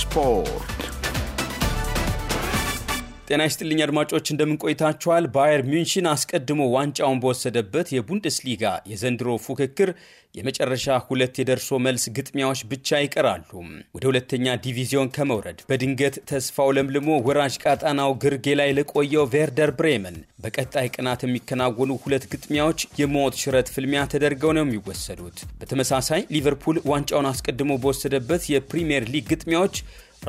Spor. ጤና ይስጥልኝ አድማጮች፣ እንደምንቆይታችኋል። ባየር ሚንሽን አስቀድሞ ዋንጫውን በወሰደበት የቡንደስሊጋ የዘንድሮ ፉክክር የመጨረሻ ሁለት የደርሶ መልስ ግጥሚያዎች ብቻ ይቀራሉ። ወደ ሁለተኛ ዲቪዚዮን ከመውረድ በድንገት ተስፋው ለምልሞ ወራጅ ቃጣናው ግርጌ ላይ ለቆየው ቬርደር ብሬመን በቀጣይ ቀናት የሚከናወኑ ሁለት ግጥሚያዎች የሞት ሽረት ፍልሚያ ተደርገው ነው የሚወሰዱት። በተመሳሳይ ሊቨርፑል ዋንጫውን አስቀድሞ በወሰደበት የፕሪምየር ሊግ ግጥሚያዎች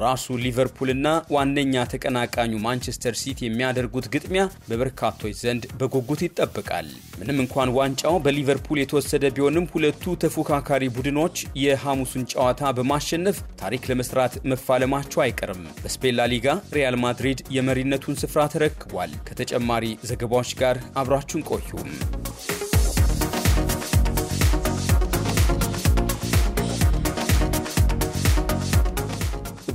ራሱ ሊቨርፑልና ዋነኛ ተቀናቃኙ ማንቸስተር ሲቲ የሚያደርጉት ግጥሚያ በበርካቶች ዘንድ በጉጉት ይጠበቃል። ምንም እንኳን ዋንጫው በሊቨርፑል የተወሰደ ቢሆንም ሁለቱ ተፎካካሪ ቡድኖች የሐሙሱን ጨዋታ በማሸነፍ ታሪክ ለመስራት መፋለማቸው አይቀርም። በስፔን ሊጋ ሪያል ማድሪድ የመሪነቱን ስፍራ ተረክቧል። ከተጨማሪ ዘገባዎች ጋር አብራችሁን ቆዩም።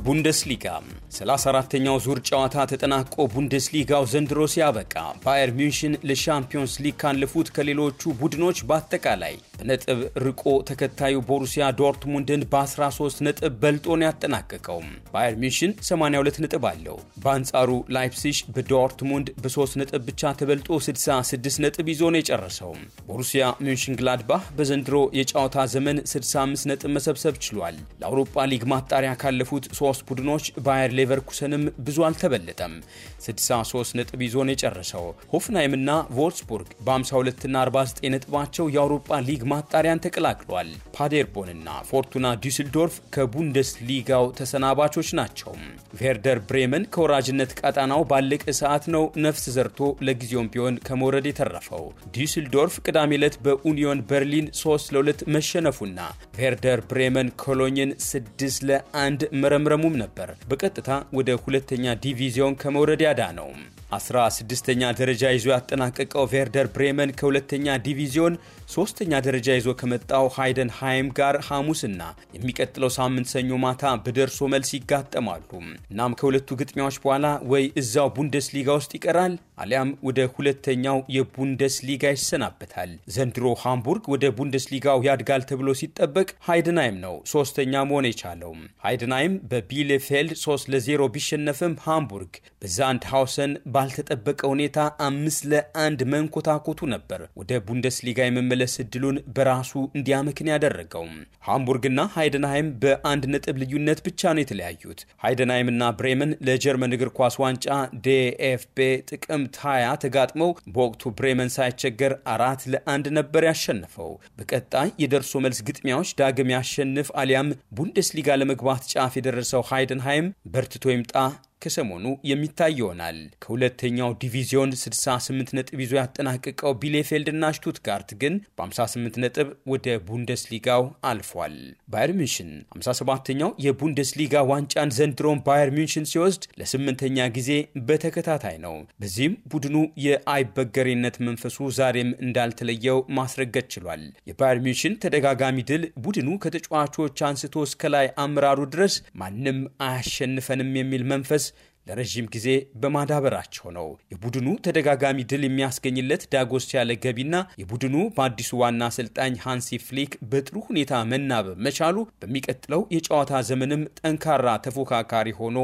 ቡንደስሊጋ 34ተኛው ዙር ጨዋታ ተጠናቆ ቡንደስሊጋው ዘንድሮ ሲያበቃ ባየር ሚንሽን ለሻምፒዮንስ ሊግ ካለፉት ከሌሎቹ ቡድኖች በአጠቃላይ በነጥብ ርቆ ተከታዩ ቦሩሲያ ዶርትሙንድን በ13 ነጥብ በልጦ ነው ያጠናቀቀው። ባየር ሚንሽን 82 ነጥብ አለው። በአንጻሩ ላይፕሲሽ በዶርትሙንድ በ3 ነጥብ ብቻ ተበልጦ 66 ነጥብ ይዞ ነው የጨረሰው። ቦሩሲያ ሚንሽን ግላድባህ በዘንድሮ የጨዋታ ዘመን 65 ነጥብ መሰብሰብ ችሏል። ለአውሮፓ ሊግ ማጣሪያ ካለፉት ሶስት ቡድኖች ባየር ሌቨርኩሰንም ብዙ አልተበለጠም። 63 ነጥብ ይዞ ነው የጨረሰው። ሆፍናይምና ቮልስቡርግ በ52ና 49 ነጥባቸው የአውሮፓ ሊግ ማጣሪያን ተቀላቅሏል። ፓዴርቦንና ፎርቱና ዱስልዶርፍ ከቡንደስሊጋው ተሰናባቾች ናቸው። ቬርደር ብሬመን ከወራጅነት ቀጣናው ባለቀ ሰዓት ነው ነፍስ ዘርቶ ለጊዜውም ቢሆን ከመውረድ የተረፈው። ዲስልዶርፍ ቅዳሜ ዕለት በኡኒዮን በርሊን 3 ለ2 መሸነፉና ቬርደር ብሬመን ኮሎኝን 6 ለ1 መረምረሙም ነበር በቀጥታ ወደ ሁለተኛ ዲቪዚዮን ከመውረድ ያዳ ነው። 16ኛ ደረጃ ይዞ ያጠናቀቀው ቬርደር ብሬመን ከሁለተኛ ዲቪዚዮን ሶስተኛ ደረጃ ይዞ ከመጣው ሃይም ጋር ሐሙስና የሚቀጥለው ሳምንት ሰኞ ማታ በደርሶ መልስ ይጋጠማሉ። እናም ከሁለቱ ግጥሚያዎች በኋላ ወይ እዛው ቡንደስሊጋ ውስጥ ይቀራል አሊያም ወደ ሁለተኛው የቡንደስሊጋ ይሰናበታል። ዘንድሮ ሃምቡርግ ወደ ቡንደስሊጋው ያድጋል ተብሎ ሲጠበቅ ሃይድናይም ነው ሶስተኛ መሆን የቻለው። ሃይድናይም በቢሌፌልድ 3 ለዜሮ ቢሸነፍም ሃምቡርግ በዛንድ ሃውሰን ባልተጠበቀ ሁኔታ አምስት ለአንድ መንኮታኮቱ ነበር ወደ ቡንደስሊጋ የመመለስ እድሉን በራሱ እንዲያመክን ያደረገው። ሃምቡርግና ሃይድናይም በአንድ ነጥብ ልዩነት ብቻ ነው የተለያዩት። ሃይድንሃይምና ብሬመን ለጀርመን እግር ኳስ ዋንጫ ዴኤፍቤ ጥቅም ቡድን ታያ ተጋጥመው በወቅቱ ብሬመን ሳይቸገር አራት ለአንድ ነበር ያሸነፈው። በቀጣይ የደርሶ መልስ ግጥሚያዎች ዳግም ያሸንፍ አሊያም ቡንደስሊጋ ለመግባት ጫፍ የደረሰው ሃይደንሃይም በርትቶ ይምጣ ከሰሞኑ የሚታይ ይሆናል። ከሁለተኛው ዲቪዚዮን 68 ነጥብ ይዞ ያጠናቀቀው ቢሌፌልድና ሽቱትጋርት ግን በ58 ነጥብ ወደ ቡንደስሊጋው አልፏል። ባየር ሚንሽን 57ኛው የቡንደስሊጋ ዋንጫን ዘንድሮን ባየር ሚንሽን ሲወስድ ለስምንተኛ ጊዜ በተከታታይ ነው። በዚህም ቡድኑ የአይበገሬነት መንፈሱ ዛሬም እንዳልተለየው ማስረገጥ ችሏል። የባየር ሚንሽን ተደጋጋሚ ድል ቡድኑ ከተጫዋቾች አንስቶ እስከ ላይ አመራሩ ድረስ ማንም አያሸንፈንም የሚል መንፈስ ለረዥም ጊዜ በማዳበራቸው ነው። የቡድኑ ተደጋጋሚ ድል የሚያስገኝለት ዳጎስ ያለ ገቢና የቡድኑ በአዲሱ ዋና አሰልጣኝ ሃንሲ ፍሊክ በጥሩ ሁኔታ መናበብ መቻሉ በሚቀጥለው የጨዋታ ዘመንም ጠንካራ ተፎካካሪ ሆኖ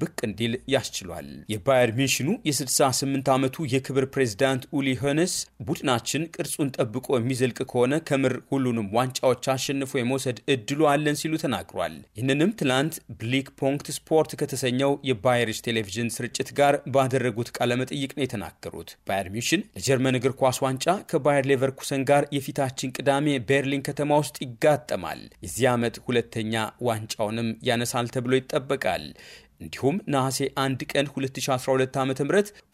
ብቅ እንዲል ያስችሏል። የባየር ሚንሽኑ የ68 ዓመቱ የክብር ፕሬዚዳንት ኡሊ ሆነስ ቡድናችን ቅርጹን ጠብቆ የሚዘልቅ ከሆነ ከምር ሁሉንም ዋንጫዎች አሸንፎ የመውሰድ እድሉ አለን ሲሉ ተናግሯል። ይህንንም ትላንት ብሊክ ፖንክት ስፖርት ከተሰኘው የባየርሽ ቴሌቪዥን ስርጭት ጋር ባደረጉት ቃለመጠይቅ ነው የተናገሩት። ባየር ሚሽን ለጀርመን እግር ኳስ ዋንጫ ከባየር ሌቨርኩሰን ጋር የፊታችን ቅዳሜ ቤርሊን ከተማ ውስጥ ይጋጠማል። የዚህ ዓመት ሁለተኛ ዋንጫውንም ያነሳል ተብሎ ይጠበቃል። እንዲሁም ነሐሴ አንድ ቀን 2012 ዓ ም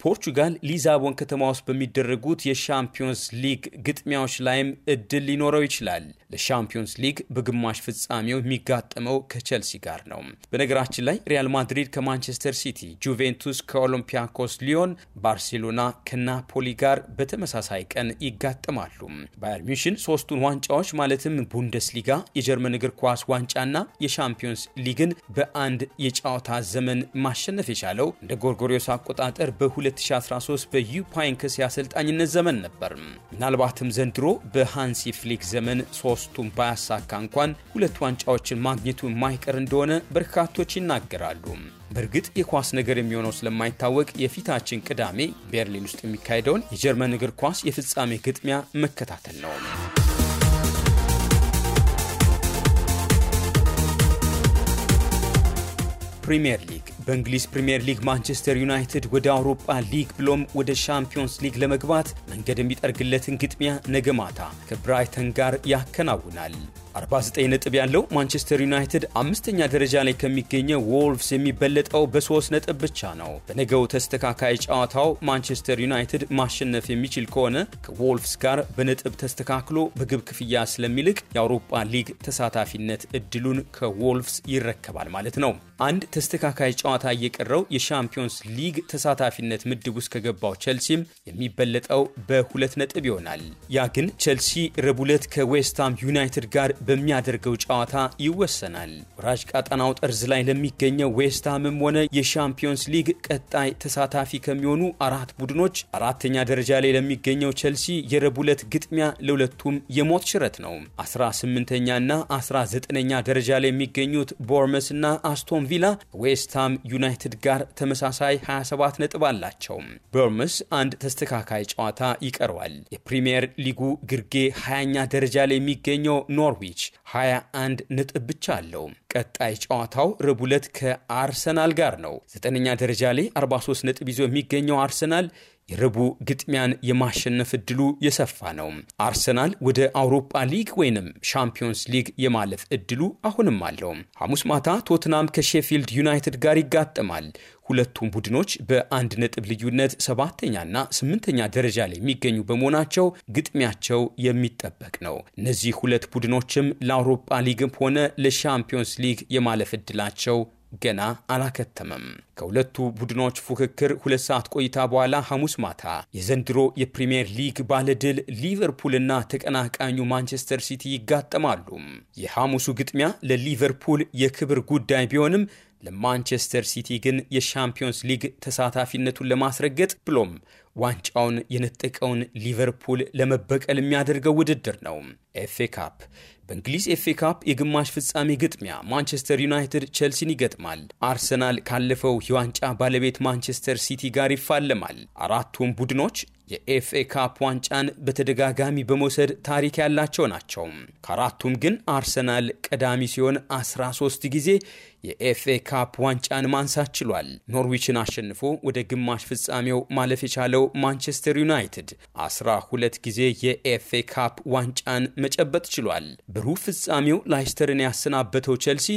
ፖርቹጋል ሊዛቦን ከተማ ውስጥ በሚደረጉት የሻምፒዮንስ ሊግ ግጥሚያዎች ላይም እድል ሊኖረው ይችላል። ለሻምፒዮንስ ሊግ በግማሽ ፍጻሜው የሚጋጠመው ከቸልሲ ጋር ነው። በነገራችን ላይ ሪያል ማድሪድ ከማንቸስተር ሲቲ፣ ጁቬንቱስ ከኦሎምፒያኮስ ሊዮን፣ ባርሴሎና ከናፖሊ ጋር በተመሳሳይ ቀን ይጋጠማሉ። ባየር ሚሽን ሶስቱን ዋንጫዎች ማለትም ቡንደስሊጋ፣ የጀርመን እግር ኳስ ዋንጫና የሻምፒዮንስ ሊግን በአንድ የጨዋታ ዘመን ማሸነፍ የቻለው እንደ ጎርጎሪዮስ አቆጣጠር በ2013 በዩፓይንክስ የአሰልጣኝነት ዘመን ነበር። ምናልባትም ዘንድሮ በሃንሲ ፍሊክ ዘመን ሶስቱም ባያሳካ እንኳን ሁለት ዋንጫዎችን ማግኘቱ የማይቀር እንደሆነ በርካቶች ይናገራሉ። በእርግጥ የኳስ ነገር የሚሆነው ስለማይታወቅ የፊታችን ቅዳሜ ቤርሊን ውስጥ የሚካሄደውን የጀርመን እግር ኳስ የፍጻሜ ግጥሚያ መከታተል ነው። ፕሪምየር ሊግ በእንግሊዝ ፕሪምየር ሊግ ማንቸስተር ዩናይትድ ወደ አውሮፓ ሊግ ብሎም ወደ ሻምፒዮንስ ሊግ ለመግባት መንገድ የሚጠርግለትን ግጥሚያ ነገ ማታ ከብራይተን ጋር ያከናውናል። 49 ነጥብ ያለው ማንቸስተር ዩናይትድ አምስተኛ ደረጃ ላይ ከሚገኘው ዎልቭስ የሚበለጠው በሶስት ነጥብ ብቻ ነው። በነገው ተስተካካይ ጨዋታው ማንቸስተር ዩናይትድ ማሸነፍ የሚችል ከሆነ ከዎልቭስ ጋር በነጥብ ተስተካክሎ በግብ ክፍያ ስለሚልቅ የአውሮፓ ሊግ ተሳታፊነት እድሉን ከዎልቭስ ይረከባል ማለት ነው። አንድ ተስተካካይ ጨዋታ እየቀረው የሻምፒዮንስ ሊግ ተሳታፊነት ምድብ ውስጥ ከገባው ቸልሲም የሚበለጠው በሁለት ነጥብ ይሆናል። ያ ግን ቸልሲ ረቡዕ ዕለት ከዌስትሃም ዩናይትድ ጋር በሚያደርገው ጨዋታ ይወሰናል። ወራጅ ቀጠናው ጠርዝ ላይ ለሚገኘው ዌስትሃምም ሆነ የሻምፒዮንስ ሊግ ቀጣይ ተሳታፊ ከሚሆኑ አራት ቡድኖች አራተኛ ደረጃ ላይ ለሚገኘው ቸልሲ የረቡዕ ዕለት ግጥሚያ ለሁለቱም የሞት ሽረት ነው። 18ኛና 19ኛ ደረጃ ላይ የሚገኙት ቦርመስ እና አስቶን ቪላ ዌስትሃም ዩናይትድ ጋር ተመሳሳይ 27 ነጥብ አላቸው። ቦርመስ አንድ ተስተካካይ ጨዋታ ይቀረዋል። የፕሪምየር ሊጉ ግርጌ 20ኛ ደረጃ ላይ የሚገኘው ኖርዊች ኢብራሂሞቪች 21 ነጥብ ብቻ አለው። ቀጣይ ጨዋታው ረቡዕ ዕለት ከአርሰናል ጋር ነው። ዘጠነኛ ደረጃ ላይ 43 ነጥብ ይዞ የሚገኘው አርሰናል የረቡዕ ግጥሚያን የማሸነፍ እድሉ የሰፋ ነው። አርሰናል ወደ አውሮፓ ሊግ ወይንም ሻምፒዮንስ ሊግ የማለፍ እድሉ አሁንም አለው። ሐሙስ ማታ ቶትናም ከሼፊልድ ዩናይትድ ጋር ይጋጠማል። ሁለቱም ቡድኖች በአንድ ነጥብ ልዩነት ሰባተኛና ስምንተኛ ደረጃ ላይ የሚገኙ በመሆናቸው ግጥሚያቸው የሚጠበቅ ነው። እነዚህ ሁለት ቡድኖችም ለአውሮፓ ሊግም ሆነ ለሻምፒዮንስ ሊግ የማለፍ እድላቸው ገና አላከተመም። ከሁለቱ ቡድኖች ፉክክር ሁለት ሰዓት ቆይታ በኋላ ሐሙስ ማታ የዘንድሮ የፕሪምየር ሊግ ባለድል ሊቨርፑልና ተቀናቃኙ ማንቸስተር ሲቲ ይጋጠማሉ። የሐሙሱ ግጥሚያ ለሊቨርፑል የክብር ጉዳይ ቢሆንም ለማንቸስተር ሲቲ ግን የሻምፒዮንስ ሊግ ተሳታፊነቱን ለማስረገጥ ብሎም ዋንጫውን የነጠቀውን ሊቨርፑል ለመበቀል የሚያደርገው ውድድር ነው። ኤፍኤ ካፕ በእንግሊዝ ኤፌ ካፕ የግማሽ ፍጻሜ ግጥሚያ ማንቸስተር ዩናይትድ ቸልሲን ይገጥማል። አርሰናል ካለፈው የዋንጫ ባለቤት ማንቸስተር ሲቲ ጋር ይፋለማል። አራቱም ቡድኖች የኤፍኤ ካፕ ዋንጫን በተደጋጋሚ በመውሰድ ታሪክ ያላቸው ናቸው። ከአራቱም ግን አርሰናል ቀዳሚ ሲሆን 13 ጊዜ የኤፍኤ ካፕ ዋንጫን ማንሳት ችሏል። ኖርዊችን አሸንፎ ወደ ግማሽ ፍጻሜው ማለፍ የቻለው ማንቸስተር ዩናይትድ 12 ጊዜ የኤፍኤ ካፕ ዋንጫን መጨበጥ ችሏል። ሩብ ፍጻሜው ላይስተርን ያሰናበተው ቼልሲ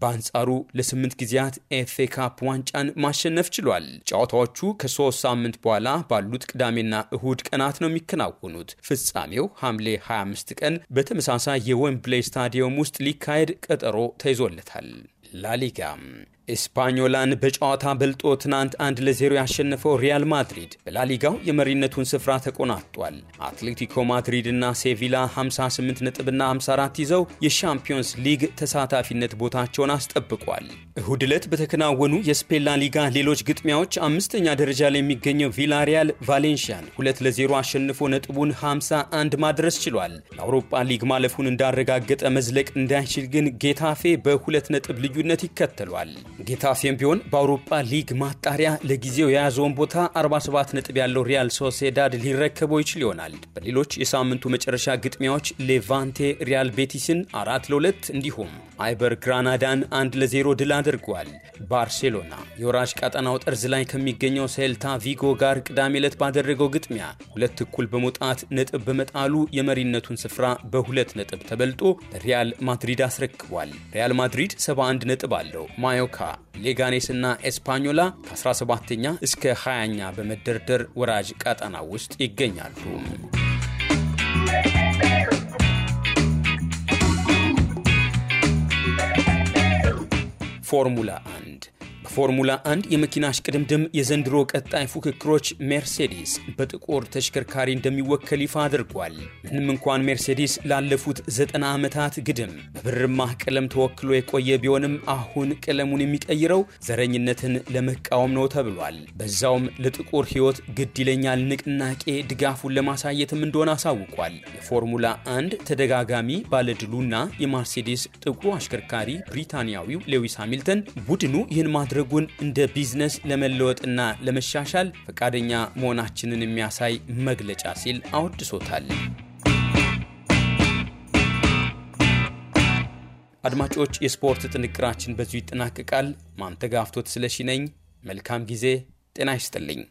በአንጻሩ ለስምንት ጊዜያት ኤፍ ካፕ ዋንጫን ማሸነፍ ችሏል። ጨዋታዎቹ ከሶስት ሳምንት በኋላ ባሉት ቅዳሜና እሁድ ቀናት ነው የሚከናወኑት። ፍጻሜው ሐምሌ 25 ቀን በተመሳሳይ የዌምብሌይ ስታዲየም ውስጥ ሊካሄድ ቀጠሮ ተይዞለታል። ላሊጋም ኤስፓኞላን በጨዋታ በልጦ ትናንት አንድ ለዜሮ ያሸነፈው ሪያል ማድሪድ በላሊጋው የመሪነቱን ስፍራ ተቆናጧል። አትሌቲኮ ማድሪድ እና ሴቪላ 58 ነጥብና 54 ይዘው የሻምፒዮንስ ሊግ ተሳታፊነት ቦታቸውን አስጠብቋል። እሁድ ዕለት በተከናወኑ የስፔን ላሊጋ ሌሎች ግጥሚያዎች አምስተኛ ደረጃ ላይ የሚገኘው ቪላሪያል ቫሌንሺያን ሁለት ለዜሮ አሸንፎ ነጥቡን 51 ማድረስ ችሏል። ለአውሮፓ ሊግ ማለፉን እንዳረጋገጠ መዝለቅ እንዳይችል ግን ጌታፌ በሁለት ነጥብ ልዩነት ይከተሏል። ጌታፌም ቢሆን በአውሮፓ ሊግ ማጣሪያ ለጊዜው የያዘውን ቦታ 47 ነጥብ ያለው ሪያል ሶሴዳድ ሊረከበው ይችል ይሆናል። በሌሎች የሳምንቱ መጨረሻ ግጥሚያዎች ሌቫንቴ ሪያል ቤቲስን አራት ለሁለት እንዲሁም አይበር ግራናዳን አንድ ለዜሮ ድል አድርጓል። ባርሴሎና የወራጅ ቀጠናው ጠርዝ ላይ ከሚገኘው ሴልታ ቪጎ ጋር ቅዳሜ ዕለት ባደረገው ግጥሚያ ሁለት እኩል በመውጣት ነጥብ በመጣሉ የመሪነቱን ስፍራ በሁለት ነጥብ ተበልጦ ሪያል ማድሪድ አስረክቧል። ሪያል ማድሪድ 71 ነጥብ አለው። ማዮካ ሌጋኔስና ኤስፓኞላ ከ17ኛ እስከ 20ኛ በመደርደር ወራጅ ቀጠና ውስጥ ይገኛሉ። ፎርሙላ ፎርሙላ አንድ የመኪና አሽቅድምድም የዘንድሮ ቀጣይ ፉክክሮች ሜርሴዲስ በጥቁር ተሽከርካሪ እንደሚወከል ይፋ አድርጓል። ምንም እንኳን ሜርሴዲስ ላለፉት ዘጠና ዓመታት ግድም በብርማ ቀለም ተወክሎ የቆየ ቢሆንም አሁን ቀለሙን የሚቀይረው ዘረኝነትን ለመቃወም ነው ተብሏል። በዛውም ለጥቁር ሕይወት ግድ ይለኛል ንቅናቄ ድጋፉን ለማሳየትም እንደሆነ አሳውቋል። የፎርሙላ አንድ ተደጋጋሚ ባለድሉና የማርሴዲስ ጥቁሩ አሽከርካሪ ብሪታንያዊው ሌዊስ ሃሚልተን ቡድኑ ይህን ማድረግ ማድረጉን እንደ ቢዝነስ ለመለወጥና ለመሻሻል ፈቃደኛ መሆናችንን የሚያሳይ መግለጫ ሲል አወድሶታል። አድማጮች፣ የስፖርት ጥንቅራችን በዚሁ ይጠናቀቃል። ማንተጋፍቶት ስለሺ ነኝ። መልካም ጊዜ። ጤና ይስጥልኝ።